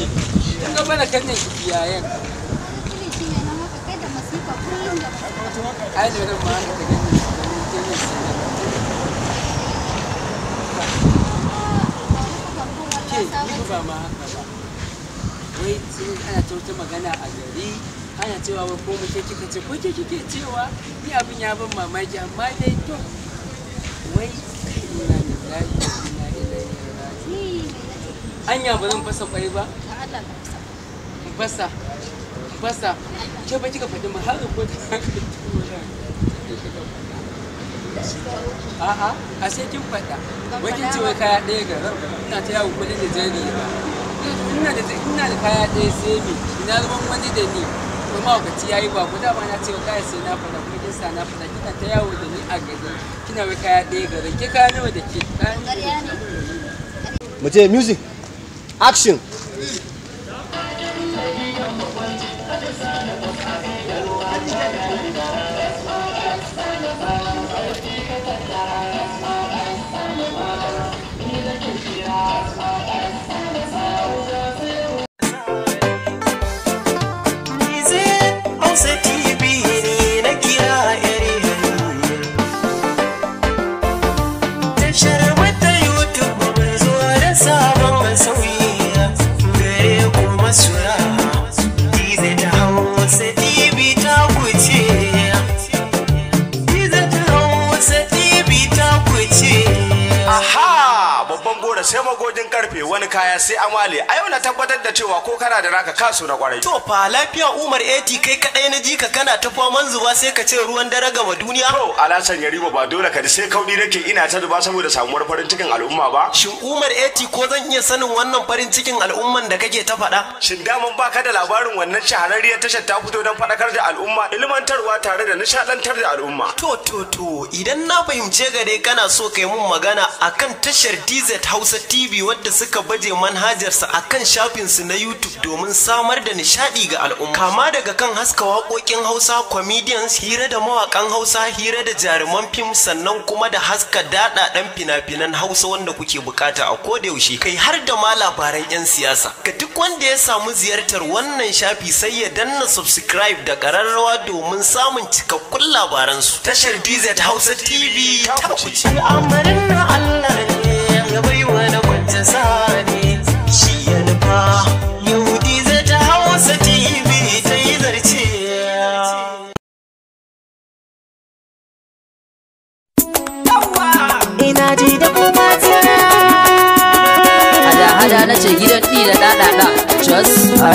ba ana ta magana a gari cewa ko ko kike cewa ni abin ya ban mamaki amma dai wai ina ina anya ba zan fasa kwai ba Allah ka fasa basa basa ke ba kika faɗi mu har ko ta a'a a sai kin faɗa wakin ce wai kaya ɗaya ga ina ta yawo kuɗin da jani ina da ina da kaya ɗaya sai me ina zaman wani da ni kuma wakaci yayi ba ku dama na ce kaya sai na faɗa kuma kin sa na faɗa kina ta yawo da ni a gari kina wai kaya ɗaya ga ke kaya nawa da ke mu je music action hmm. Ose tibita babban gora sai magogin karfe wani kaya sai amale a yau na tabbatar da cewa ko kana da raka kasu na kwarai to fa lafiya umar eti kai kadai na ji ka kana ta faman zuba sai ka ce ruwan dare gama duniya to alasan yari ba dole ka sai kaudi nake ina ta zuba saboda samuwar farin cikin al'umma ba shin umar eti ko zan iya sanin wannan farin cikin al'umman da kake ta faɗa shin daman baka da labarin wannan shahararriyar tashar ta fito don faɗakar da al'umma ilmantarwa tare da nishadantar da al'umma to to to idan na fahimce gare kana so kai mun magana akan tashar dizi BOZ Hausa TV wadda suka baje manhajarsa a kan shafinsu na YouTube domin samar da nishaɗi ga al'umma. Kama daga kan haska waƙoƙin Hausa, comedians, hira da mawaƙan Hausa, hira da jaruman fim sannan kuma da haska daɗaɗen fina-finan Hausa wanda kuke buƙata a ko yaushe Kai har da ma labaran 'yan siyasa. Ga duk wanda ya samu ziyartar wannan shafi sai ya danna subscribe da ƙararrawa domin samun cikakkun labaransu. Tashar BZ Hausa TV ta Allah hada na ce gidan ɗi da ɗaɗaɗa just na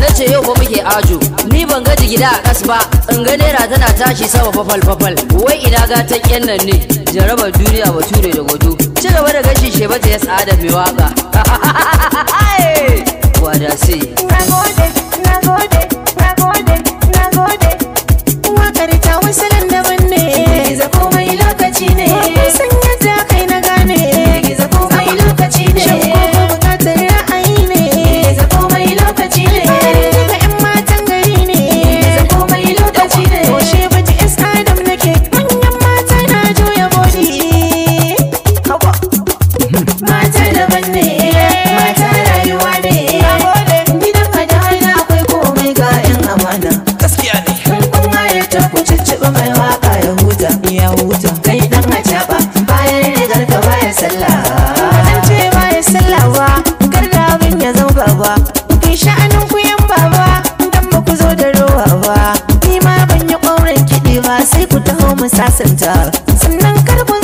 na ce yau ba muke ajo ni ban ga gida a kas ba in ga naira tana tashi sama fafal fafal wai ina ta yan nan ne jarabar duniya ba ture da gwado ci gaba da gashi shebata ya tsada mai waka wada sai ya huta kai dan acaba bayan rigar ka baya sallah dan ce baya sallah ba kar da abin ya zau ba kun sha'anin ku yan baba dan ba ku zo da rowa ba ni ma ban yi ƙauren kiɗi ba sai ku taho mu sasanta sannan kar